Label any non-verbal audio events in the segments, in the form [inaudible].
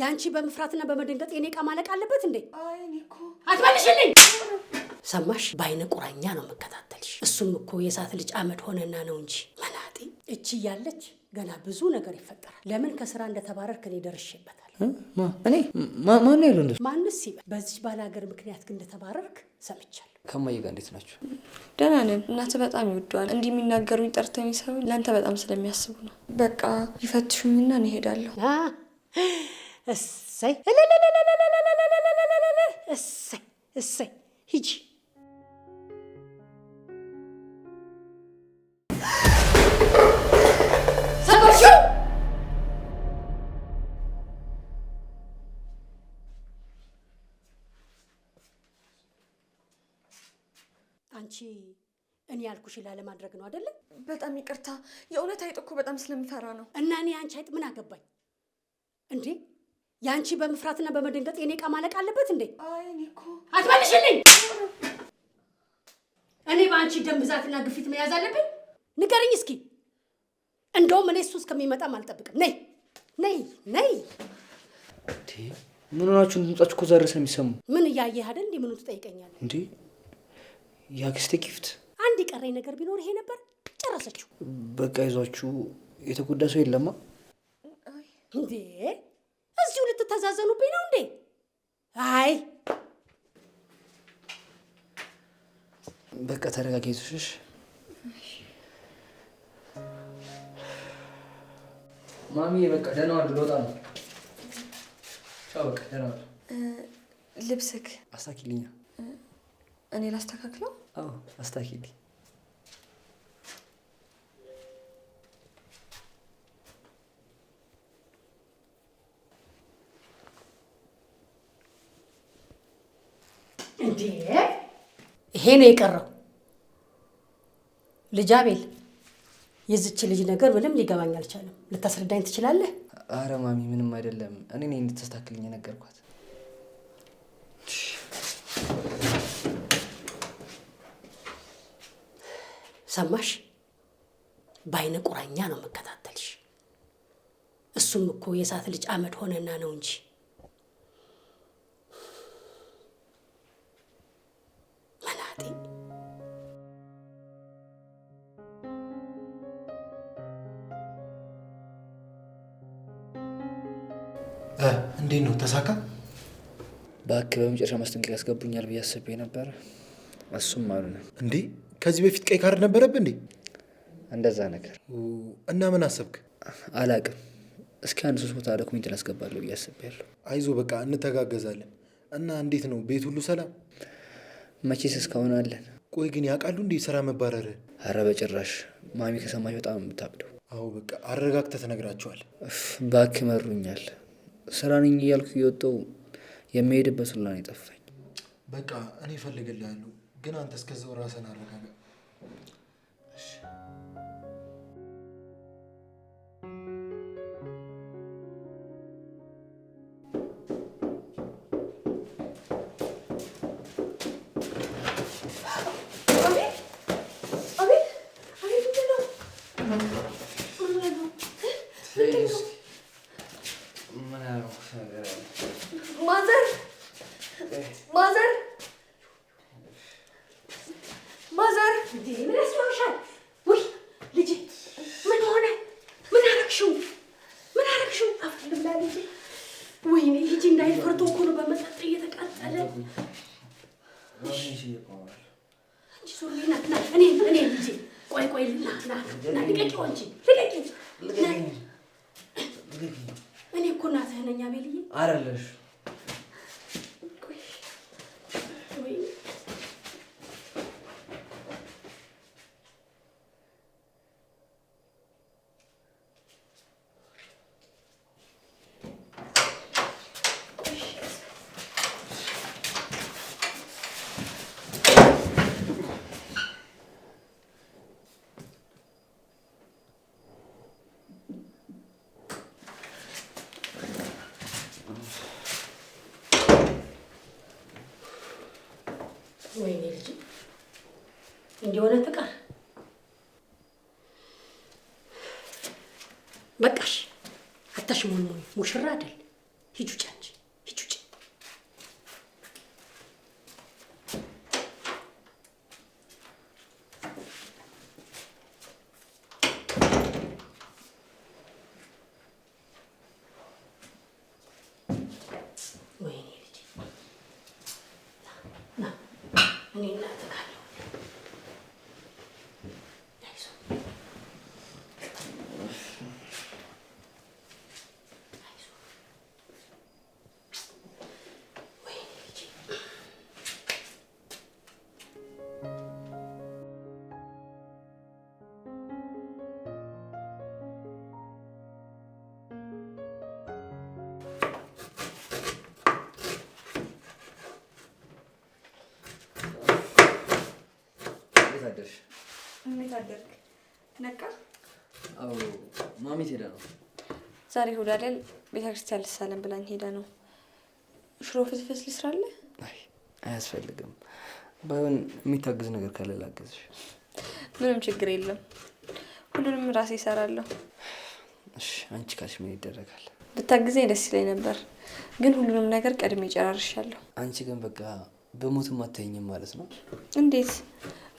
ያንቺ በመፍራትና በመደንገጥ የኔ ዕቃ ማለቅ አለበት እንዴ? አትመልሽልኝ። ሰማሽ? በአይነ ቁራኛ ነው የምከታተልሽ። እሱም እኮ የእሳት ልጅ አመድ ሆነና ነው እንጂ መናጤ። እቺ ያለች ገና ብዙ ነገር ይፈጠራል። ለምን ከስራ እንደተባረርክ እኔ ደርሼበታል። እኔ ማን ያለው እንደ ማንስ ይበል። በዚህ ባላገር ምክንያት ግን እንደተባረርክ ሰምቻለሁ። ከማዬ ጋር እንዴት ናችሁ? ደህና ነን። እናትህ በጣም ይወደዋል። እንዲህ የሚናገሩኝ ጠርተው የሚሰሩ ለአንተ በጣም ስለሚያስቡ ነው። በቃ ይፈትሹኝና እንሄዳለሁ። እሰይ እሰይ እሰይ ሂጂ አንቺ እኔ ያልኩሽ ላለማድረግ ነው አይደለም? በጣም ይቅርታ፣ የእውነት አይጥ እኮ በጣም ስለምፈራ ነው። እና እኔ አንቺ አይጥ ምን አገባኝ እንዴ? ያንቺ በመፍራትና በመደንገጥ የኔ እቃ ማለቅ አለበት እንዴ? አትመልሽልኝ። እኔ በአንቺ ደም ብዛትና ግፊት መያዝ አለብኝ? ንገርኝ እስኪ። እንደውም እኔ እሱ እስከሚመጣም አልጠብቅም። ነይ ነይ ነይ። ምን ሆናችሁ? ድምጻችሁ እኮ ዛሬ የሚሰሙ። ምን እያየህ አይደል? እንዲህ ምኑ ትጠይቀኛለህ እንዴ? የአክስቴ ጊፍት። አንድ የቀረኝ ነገር ቢኖር ይሄ ነበር። ጨረሰችው። በቃ ይዟችሁ የተጎዳ ሰው የለማ እንዴ? በዚሁ ልትተዛዘኑብኝ ነው እንዴ? አይ በቃ ተረጋጊ። ሱሽሽ ማሚ በቃ ደህና ዋል። ልወጣ ነው። ቻው። በቃ ደህና ዋል። ልብስክ አስታኪልኛ። እኔ ላስተካክለው። አዎ አስታኪልኝ። ነው የቀረው። ልጅ አቤል፣ የዝች ልጅ ነገር ምንም ሊገባኝ አልቻለም። ልታስረዳኝ ትችላለህ? አረ ማሚ፣ ምንም አይደለም። እኔ ነኝ እንድታስተካክልኝ የነገርኳት። ሰማሽ? በአይነ ቁራኛ ነው መከታተልሽ። እሱም እኮ የእሳት ልጅ አመድ ሆነና ነው እንጂ እንዴት ነው ተሳካ? በአካባቢ በመጨረሻ ማስጠንቀቅ ያስገቡኛል ብዬ አስቤ ነበር። እሱም አሉ ነው እንዴ? ከዚህ በፊት ቀይ ካርድ ነበረብህ እንዴ? እንደዛ ነገር እና ምን አሰብክ? አላቅም። እስኪ አንድ ሶስት ቦታ ዶኩሜንት ላስገባለሁ ብዬ አስቤያለሁ። አይዞ በቃ እንተጋገዛለን። እና እንዴት ነው ቤት ሁሉ ሰላም? መቼስ እስካሁን አለን። ቆይ ግን ያውቃሉ እንዴ ስራ መባረር? አረ በጭራሽ ማሚ ከሰማች በጣም የምታብደው። አዎ በቃ አረጋግተህ ትነግራቸዋል። ባክ መሩኛል ስራ ነኝ እያልኩ እየወጣሁ የሚሄድበት ሁላ ነው የጠፋኝ። በቃ እኔ እፈልግልሃለሁ፣ ግን አንተ እስከዚያው ራስህን አረጋጋ። Aman yarabbim. Mother. Mother. Mother. Değil mi resmen? እንዲሆነ ትቀር። በቃሽ። አታሽ ሞልሞኝ ሙሽራ አይደል? ሂጁ ውጪ ዛሬ እሑድ አይደል? ቤተክርስቲያን ልሳለን ብለን ሄደ ነው። ሽሮ ፍትፍት ልስራለ? አያስፈልግም። ባይሆን የሚታግዝ ነገር ካለ ላግዝሽ። ምንም ችግር የለም። ሁሉንም ራሴ ይሰራለሁ። እሺ፣ አንቺ ካልሽ ምን ይደረጋል? ብታግዘኝ ደስ ይለኝ ነበር፣ ግን ሁሉንም ነገር ቀድሜ ይጨራርሻለሁ። አንቺ ግን በቃ በሞትም አታየኝም ማለት ነው። እንዴት?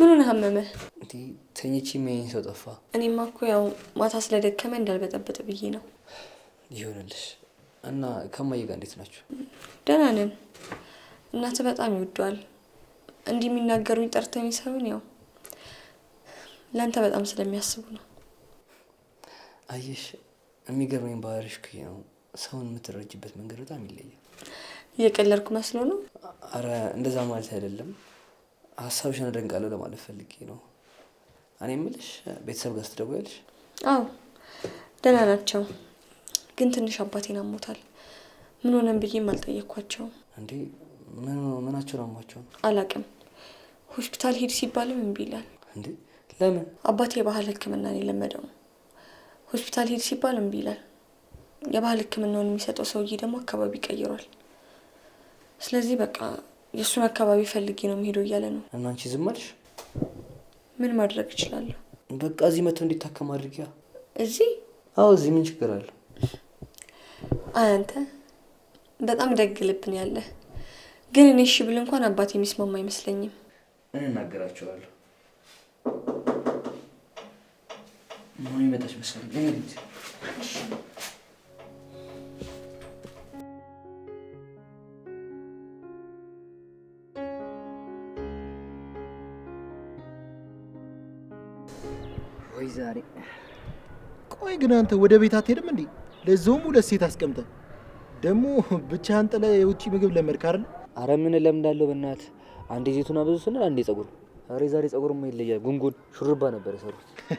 ምኑን አመመህ? እንዲህ ተኝቼ የሚያየኝ ሰው ጠፋ። እኔማ እኮ ያው ማታ ስለደከመ እንዳልበጠበጥ ብዬ ነው። ይሁንልሽ። እና ከማዬ ጋር እንዴት ናቸው ደህና ነን። እናት በጣም ይወደዋል። እንዲህ የሚናገሩኝ ጠርተኝ ሳይሆን ያው ለአንተ በጣም ስለሚያስቡ ነው። አየሽ፣ የሚገርመኝ ባህሪሽ ክ ነው። ሰውን የምትረጅበት መንገድ በጣም ይለያል። እየቀለድኩ መስሎ ነው? አረ እንደዛ ማለት አይደለም። ሀሳብሽን አደንቃለሁ ለማለት ፈልጌ ነው። እኔ የምልሽ ቤተሰብ ጋር ስትደውያለሽ? አዎ ደህና ናቸው። ግን ትንሽ አባቴን አሞታል። ምን ሆነን ብዬም ማልጠየኳቸው እንዴ ምናቸውን አሟቸው አላቅም። ሆስፒታል ሂድ ሲባልም እምቢ ይላል። እንዴ ለምን? አባቴ የባህል ነው የለመደው ሆስፒታል ሂድ ሲባል እምቢ ይላል። የባህል ሕክምናውን የሚሰጠው ሰውዬ ደግሞ አካባቢ ቀይሯል። ስለዚህ በቃ የእሱን አካባቢ ፈልጌ ነው የሚሄደው እያለ ነው። እና አንቺ ዝም አልሽ? ምን ማድረግ እችላለሁ? በቃ እዚህ መጥቶ እንዲታከም አድርጊያ። እዚህ? አዎ እዚህ ምን ችግር አለው? አንተ በጣም ደግ ልብን ያለህ ግን እኔ እሺ ብል እንኳን አባት የሚስማማ አይመስለኝም። እንናገራቸዋለሁ። ማን ይመጣች መሰለኝ። ወይ ዛሬ። ቆይ ግን አንተ ወደ ቤት አትሄድም እንዴ? ለዛውም ሁለት ሴት አስቀምጠን ደግሞ ብቻ ጥለህ የውጭ ምግብ ለመድክ አይደል? አረ ምን እለምዳለሁ በእናት አንዴ ዜቱና ብዙ ስንል አንዴ ጸጉር። አረ ዛሬ ጸጉር ይለያል። ጉንጉን ሹርባ ነበር የሰሩት። [laughs]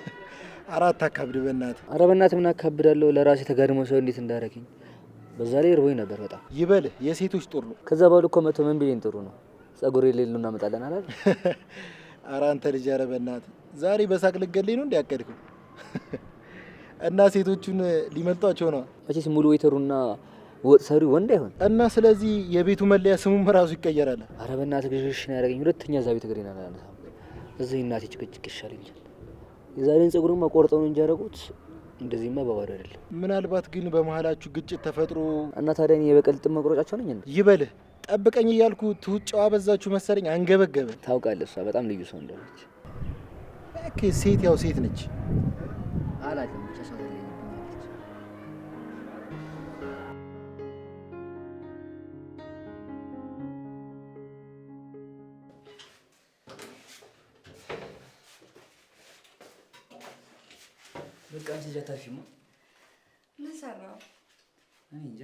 አረ አታካብድ በእናት አረ በእናት ምን አካብዳለሁ? ለራሴ ተጋድሞ ሰው እንዴት እንዳረግኝ? በዛ ላይ ርቦኝ ነበር በጣም። ይበል። የሴቶች ጦር ነው። ከዛ በሉ እኮ መቶ ምን ጥሩ ነው ጸጉር የሌለው እናመጣለን አላል። [laughs] አረ አንተ ልጅ፣ አረ ዛሬ በሳቅ ልገለኝ ነው እንዲያቀድከው [laughs] እና ሴቶቹን ሊመልጧቸው ነው። መቼስ ሙሉ ወይተሩና ወጥ ሰሪው ወንድ አይሆን እና ስለዚህ የቤቱ መለያ ስሙም ራሱ ይቀየራል። አረ በእናትህ ግሽሽ ነው ያደረገኝ። ሁለተኛ እዛ ቤት እግሬን አላነሳም። እዚህ እናቴ ጭቅጭቅ ይሻለኛል። የዛሬን ጸጉርማ ቆርጠው ነው እንጂ ያደረጉት እንደዚህማ በባዶ አይደለም። ምናልባት ግን በመሀላችሁ ግጭት ተፈጥሮ እና ታዲያ የበቀል ጥም መቁረጫቸው ነኝ ይበልህ ጠብቀኝ እያልኩ ትውጭ አበዛችሁ መሰለኝ። አንገበገበ ታውቃለህ፣ እሷ በጣም ልዩ ሰው እንደሆነች። ሴት ያው ሴት ነች። በቃ አንቺ ልጅ አታርፊማ። ምን ሰራው? እኔ እንጃ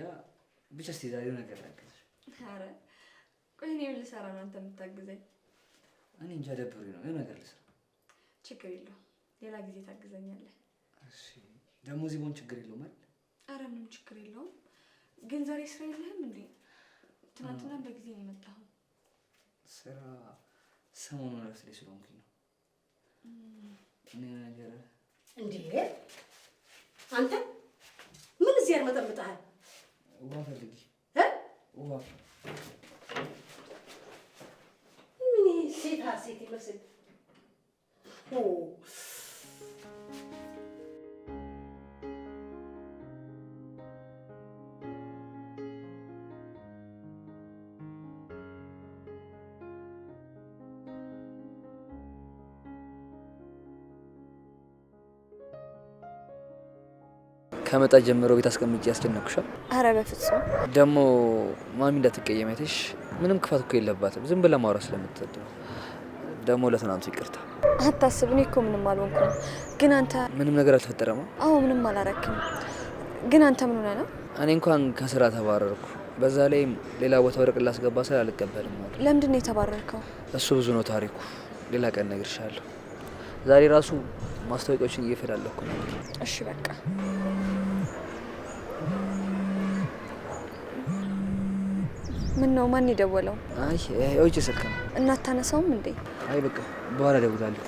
ብቻ። እስኪ ዛሬው ነገር ላግዝሽ። ኧረ ቆይ እኔ ምን ልሰራ ነው አንተ የምታግዘኝ? እኔ እንጃ ደብሮኝ ነው። የሆነ ነገር ልስራ። ችግር የለውም ሌላ ጊዜ ታግዘኛለህ። እሺ ደግሞ እዚህ በሆን ችግር የለውም አይደል? ኧረ ምንም ችግር የለውም። ግን ዛሬ ስራ የለህም እንዴ? ትናንትና በጊዜ ነው የመጣኸው። ስራ ሰሞኑን እረፍት ላይ ስለሆንኩኝ ነው። እኔ ነገር እንዴ አንተ ምን እዚህ ያርመጠምጠሃል? ውሃ ፈልጊ። ውሃ ምን ሴታ ሴት ይመስል ከመጣ ጀምሮ ቤት አስቀምጭ ያስደነቅሻል አረ በፍጹም ደግሞ ማሚ እንዳትቀየም አይተሽ። ምንም ክፋት እኮ የለባትም ዝም ብላ ማውራት ስለምትወድ ነው። ደግሞ ለትናንቱ ይቅርታ። አታስብ፣ እኔ እኮ ምንም አልሆንኩም። ግን አንተ ምንም ነገር አልተፈጠረማ? አዎ ምንም አላረክም። ግን አንተ ምን ሆነ ነው? እኔ እንኳን ከስራ ተባረርኩ። በዛ ላይ ሌላ ቦታ ወርቅ ላስገባ ስል አልቀበልም አሉ። ለምንድን ነው የተባረርከው? እሱ ብዙ ነው ታሪኩ፣ ሌላ ቀን እነግርሻለሁ። ዛሬ ራሱ ማስታወቂያዎችን እየፈላለኩ ነው። እሺ በቃ ምን ነው? ማን የደወለው? አይ እጅ ስልክ ነው። እናታነሳውም እንዴ? አይ በቃ በኋላ እደውላለሁ።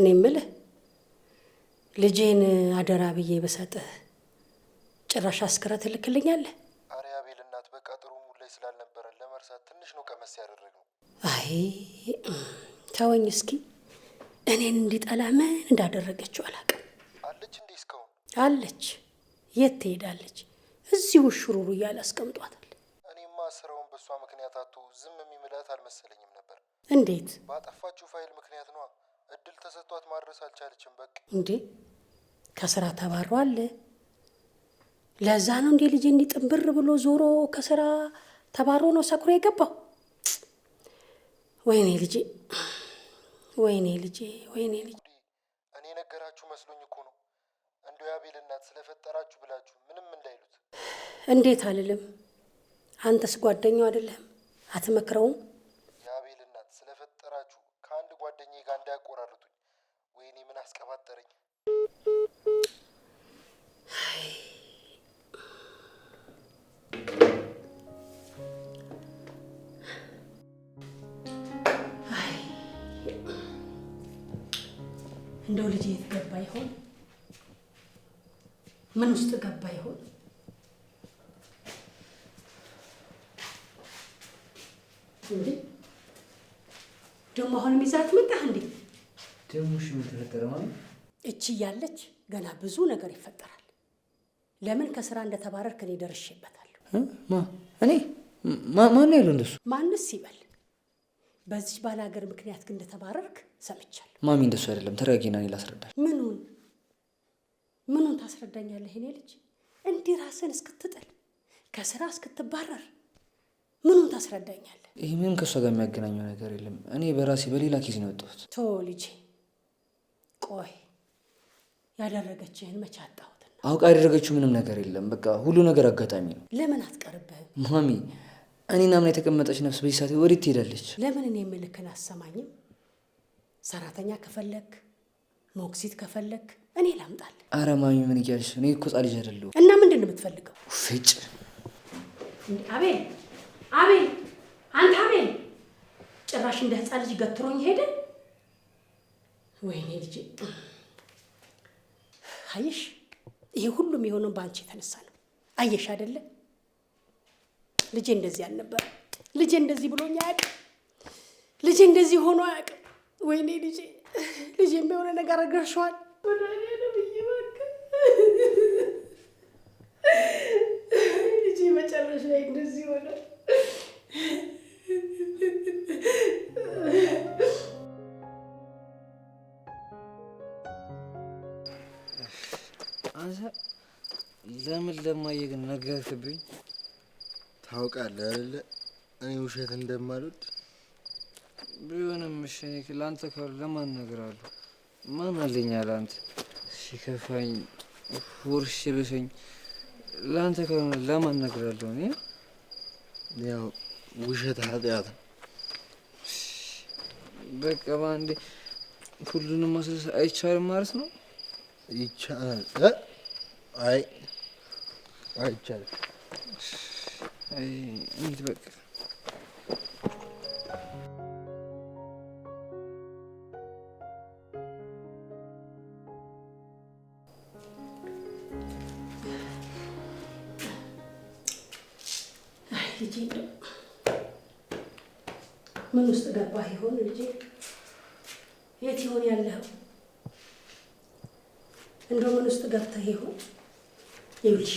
እኔ ምልህ ልጄን አደራ ብዬ በሰጥህ ጭራሽ አስክረ ትልክልኛለህ? ኧረ አቤል እናት በቃ ጥሩ ሙድ ላይ ስላልነበረን ለመርሳት ትንሽ ነው ቀመስ ያደረግነው። አይ ተወኝ እስኪ እኔን እንዲጠላ ምን እንዳደረገችው አላውቅም። አለች እንዴ? እስካሁን አለች። የት ትሄዳለች? እዚሁ ሽሩሩ እያለ አስቀምጧታል። እኔማ ስራውን በእሷ ምክንያት አቶ ዝም የሚምላት አልመሰለኝም ነበር። እንዴት? ባጠፋችሁ ፋይል ምክንያት ነዋ እድል ተሰጥቷት ማድረስ አልቻለችም። በቃ እንዴ ከስራ አለ ለዛ ነው እንዴ ልጅ እንዲህ ጥንብር ብሎ ዞሮ ከስራ ተባሮ ነው ሰኩሮ የገባው። ወይኔ ልጄ፣ ወይኔ ልጄ፣ ወይኔ ልጄ። እኔ ነገራችሁ መስሎኝ እኮ ነው። እንደው ያቤል እናት ስለፈጠራችሁ ብላችሁ ምንም እንዳይሉት። እንዴት አልልም። አንተስ ጓደኛው አይደለም አትመክረውም? እንዳያቆራርጡኝ። ወይኔ ምን አስቀባጠረኝ። እንደው ልጅ የት ገባ ይሆን? ምን ውስጥ ገባ ይሆን? እንዴ ደግሞ አሁን ይዛት መጣህ እንዴ? ደሞሽ ምን ተፈጠረ? ማለት እቺ እያለች ገና ብዙ ነገር ይፈጠራል። ለምን ከስራ እንደተባረርክ እኔ ደርሼበታለሁ። እኔ ማን ያለ እንደሱ? ማንስ ይበል። በዚህ ባላገር ምክንያት ግን እንደተባረርክ ሰምቻለሁ። ማሚ እንደሱ አይደለም። ተረጋጊና እኔ ላስረዳል። ምኑን ምኑን ታስረዳኛለህ? እኔ ልጅ እንዲህ ራስን እስክትጥል ከስራ እስክትባረር ምኑን ታስረዳኛል? ይህ ምንም ከእሷ ጋር የሚያገናኘው ነገር የለም። እኔ በራሴ በሌላ ኬዝ ነው የወጣሁት። ቶ ልጄ ቆይ ያደረገችህን መቼ አጣሁትና? አውቃ ያደረገችው ምንም ነገር የለም። በቃ ሁሉ ነገር አጋጣሚ ነው። ለምን አትቀርብህም? ማሚ እኔ ናምን የተቀመጠች ነፍስ በዚህ ሰዓት ወዴት ትሄዳለች? ለምን እኔ የምልክን አሰማኝም? ሰራተኛ ከፈለክ ሞክሲት ከፈለክ እኔ ላምጣል። አረ ማሚ ምን እያልሽ? እኔ እኮ ጻ ልጅ አይደለሁ። እና ምንድን ነው የምትፈልገው? ፍጭ አቤ አቤል አንተ አቤል ጭራሽ እንደ ህፃን ልጅ ገትሮኝ ሄደ። ወይኔ ልጅ፣ አየሽ፣ ይሄ ሁሉም የሆነው በአንቺ የተነሳ ነው። አየሽ አይደለ? ልጄ እንደዚህ አልነበረ። ልጄ እንደዚህ ብሎኝ አያውቅም። ልጄ እንደዚህ ሆኖ አያውቅም። ወይኔ ልጄ ልጄ የሚሆነ ነገር አድርገሽዋል። ልጄ እንደዚህ ሆነ። አንተ ለምን ለማየ ግን ነገርክብኝ? ታውቃለህ አይደለ እኔ ውሸት እንደማልወድ ቢሆንም እሺ፣ ለአንተ ካሉ ለማን እነግራለሁ? ማን አለኝ አለ ሲከፋኝ ወርሽ ብሰኝ ለአንተ ካልሆነ ለማን እነግራለሁ? እኔ ያው Уже hadi adam. Bekle ben de kurduğunun masası ay çağırım varsa mı? Ay çağır. Ay. Ay çağır. Ay, şimdi bak. Ay, yiyeyim. ምን ውስጥ ገባ ይሆን ልጄ? የት ይሆን ያለኸው? እንደው ምን ውስጥ ገብተህ ይሆን? ይኸውልሽ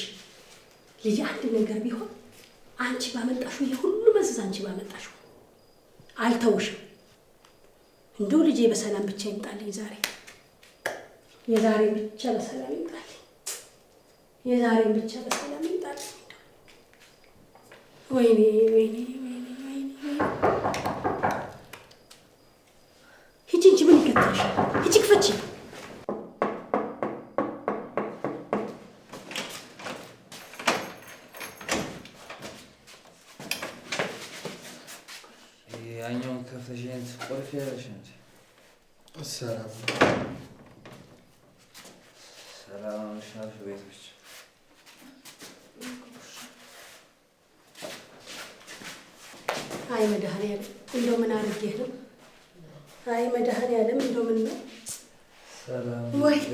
ልጅ አንድ ነገር ቢሆን አንቺ ባመጣሹ ይሄ ሁሉ መዘዝ አንቺ ባመጣሹ አልተውሽም። እንደው ልጄ በሰላም ብቻ ይምጣልኝ ዛሬ የዛሬ ብቻ በሰላም ይምጣልኝ። የዛሬ ብቻ በሰላም ይምጣልኝ። ወይኔ ወይኔ ሰላም ሰላም ናሽ ቤቶች አይ መድኃኒዓለም እንደው ምን አድርጌ ነው? አይ መድኃኒዓለም እንደው ምን ነው? ጭራሹስ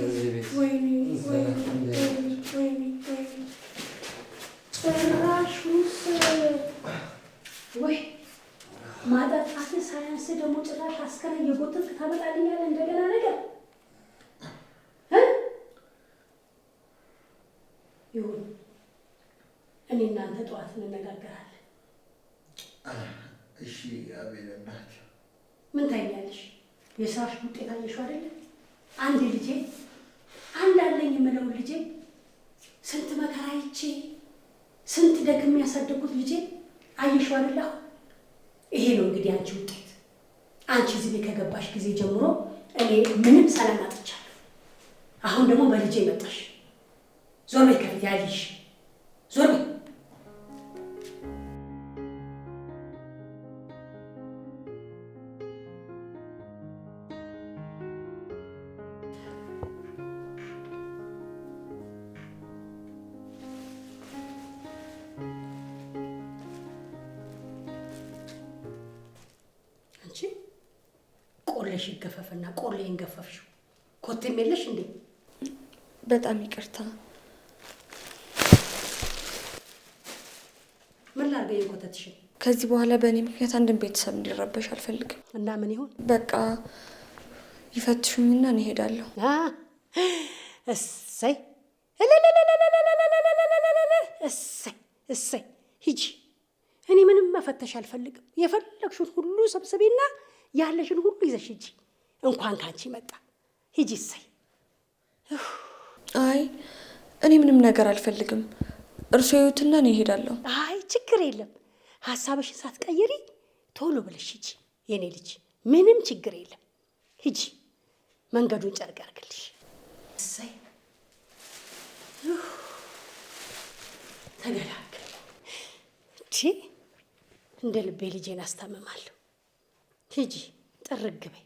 ወይ ማጠጣት ሳያንስ ደግሞ ጭራሽ አስከረ እየጎተት ታመጣልኛለህ እንደገና ነገር ይሁን። እኔ እናንተ ጠዋት እንነጋገራለን። እሺ አቤል ምን ታያለሽ? የስራሽ ውጤት አየሽው አይደለ? አንድ ልጄ አንድ አለኝ የምለው ልጄ ስንት መከራ አይቼ ስንት ደግም ያሳደጉት ልጄ አየሽው አይደለሁ ይሄ ነው እንግዲህ አንቺ ውጤት። አንቺ እዚህ ቤት ከገባሽ ጊዜ ጀምሮ እኔ ምንም ሰላም አጥቻለሁ። አሁን ደግሞ በልጄ መጣሽ። ዞር ቤት ያልሽ ዞር ቤት አቅም የለሽ እንዴ? በጣም ይቅርታ። ምን ላርገ የኮተትሽ? ከዚህ በኋላ በእኔ ምክንያት አንድን ቤተሰብ እንዲረበሽ አልፈልግም። እና ምን ይሆን? በቃ ይፈትሹኝና እንሄዳለሁ። እሰይ እሰይ እሰይ፣ ሂጂ። እኔ ምንም መፈተሽ አልፈልግም። የፈለግሽን ሁሉ ሰብስቤና ያለሽን ሁሉ ይዘሽ ሂጂ። እንኳን ካንቺ መጣ ሂጂ እሰይ። አይ እኔ ምንም ነገር አልፈልግም። እርሶ ይዩትና እኔ እሄዳለሁ። አይ ችግር የለም ሀሳብሽን ሳትቀይሪ ቶሎ ብለሽ ሂጂ የኔ ልጅ፣ ምንም ችግር የለም ሂጂ። መንገዱን ጨርቅ ያርግልሽ። እሰይ ተገላገል። እንደ ልቤ ልጄን አስታምማለሁ። ሂጂ ጥርግ በይ።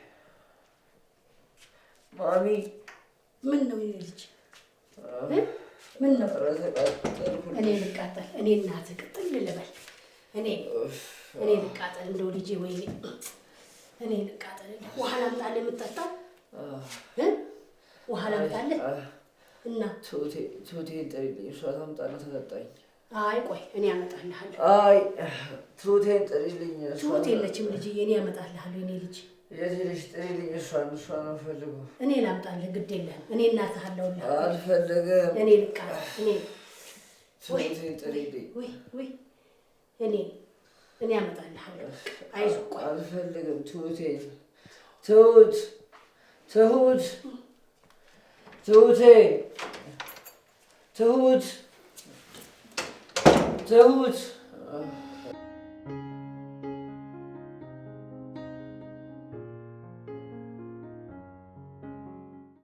ማሚ ምን ነው የእኔ ልጅ? ምን ነው እኔ ልቃጠል? እኔ እናትህ ቅጥል ልበል? እኔ እኔ ልቃጠል? እንደው ልጄ፣ ወይ እኔ ልቃጠል? ውሃ ላምጣልህ የምጠጣ? ውሃ ላምጣልህ እና ትሁቴን ጥሪልኝ፣ እሷ ታምጣልህ ተሰጣኝ። አይ ቆይ እኔ አመጣልሃለሁ። አይ ትሁቴን ጥሪልኝ። ትሁት የለችም ልጅ፣ እኔ አመጣልሃለሁ እኔ ልጅ የዚህ ልጅ ጥሪልኝ፣ እሷን እሷን አልፈልግም። እኔ ላምጣልህ፣ ግድ የለህም። እኔ እናትህ አለሁልህ። አልፈልግም። እኔ ልቃ እኔ እኔ እኔ አመጣልህ አይዞህ፣ ቆይ አልፈልግም። ትሁቴ ትሁት ትሁት ትሁቴ ትሁት ትሁት